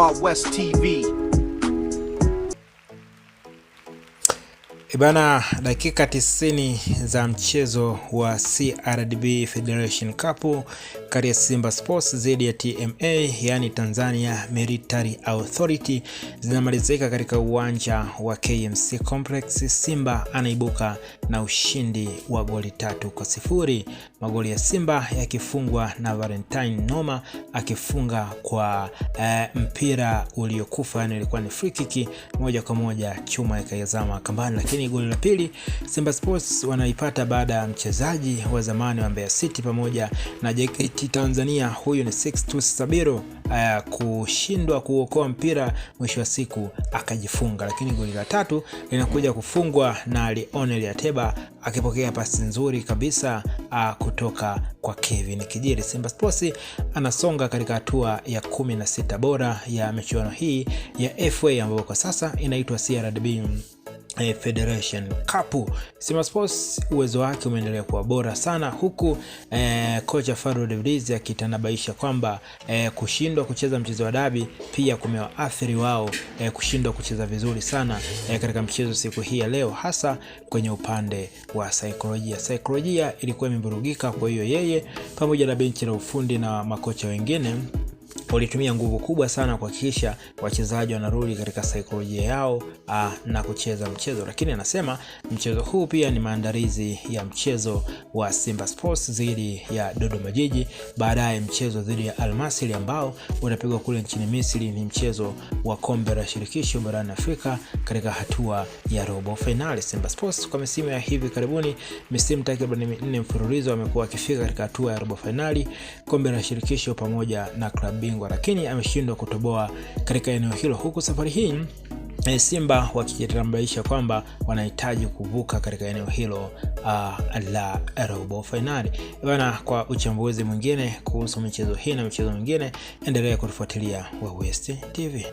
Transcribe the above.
Wild West TV. Ibana, eh, dakika 90 za mchezo wa CRDB Federation Cup kati ya Simba Sports dhidi ya TMA yaani Tanzania Military Authority zinamalizika katika uwanja wa KMC Complex. Simba anaibuka na ushindi wa goli tatu kwa sifuri magoli ya Simba yakifungwa na Valentine Noma akifunga kwa e, mpira uliokufa, yani ilikuwa ni free kick moja kwa moja, chuma ikaizama kambani. Lakini goli la pili Simba Sports wanaipata baada ya mchezaji wa zamani wa Mbeya City pamoja na JKT Tanzania, huyu ni Sixtus Sabiro eh, kushindwa kuokoa mpira mwisho wa siku akajifunga, lakini goli la tatu linakuja kufungwa na Lionel Ateba akipokea pasi nzuri kabisa a, ah, kutoka kwa Kevin Kijiri. Simba Sports anasonga katika hatua ya kumi na sita bora ya michuano hii ya FA ambayo kwa sasa inaitwa CRDB Eh, Federation Cup. Simba Sports uwezo wake umeendelea kuwa bora sana huku eh, kocha Fadlu Davids akitanabaisha kwamba eh, kushindwa kucheza mchezo wa dabi pia kumewaathiri wao eh, kushindwa kucheza vizuri sana eh, katika mchezo siku hii ya leo, hasa kwenye upande wa saikolojia. Saikolojia ilikuwa imevurugika, kwa hiyo yeye pamoja na benchi la ufundi na makocha wengine walitumia nguvu kubwa sana kuhakikisha wachezaji wanarudi katika saikolojia yao a, ah, na kucheza mchezo, lakini anasema mchezo huu pia ni maandalizi ya mchezo wa Simba Sports dhidi ya Dodoma Jiji, baadaye mchezo dhidi ya almasili ambao unapigwa kule nchini Misri. Ni mchezo wa kombe la shirikisho barani Afrika katika hatua ya robo finali Simba Sports kwa misimu ya hivi karibuni, misimu takriban minne mfululizo, amekuwa akifika katika hatua ya robo finali kombe la shirikisho pamoja na klabu bingwa, lakini ameshindwa kutoboa katika eneo hilo, huku safari hii eh, Simba wakijitambulisha kwamba wanahitaji kuvuka katika eneo hilo uh, la robo fainali bana. Kwa uchambuzi mwingine kuhusu michezo hii na michezo mingine, endelea kutufuatilia wa West TV.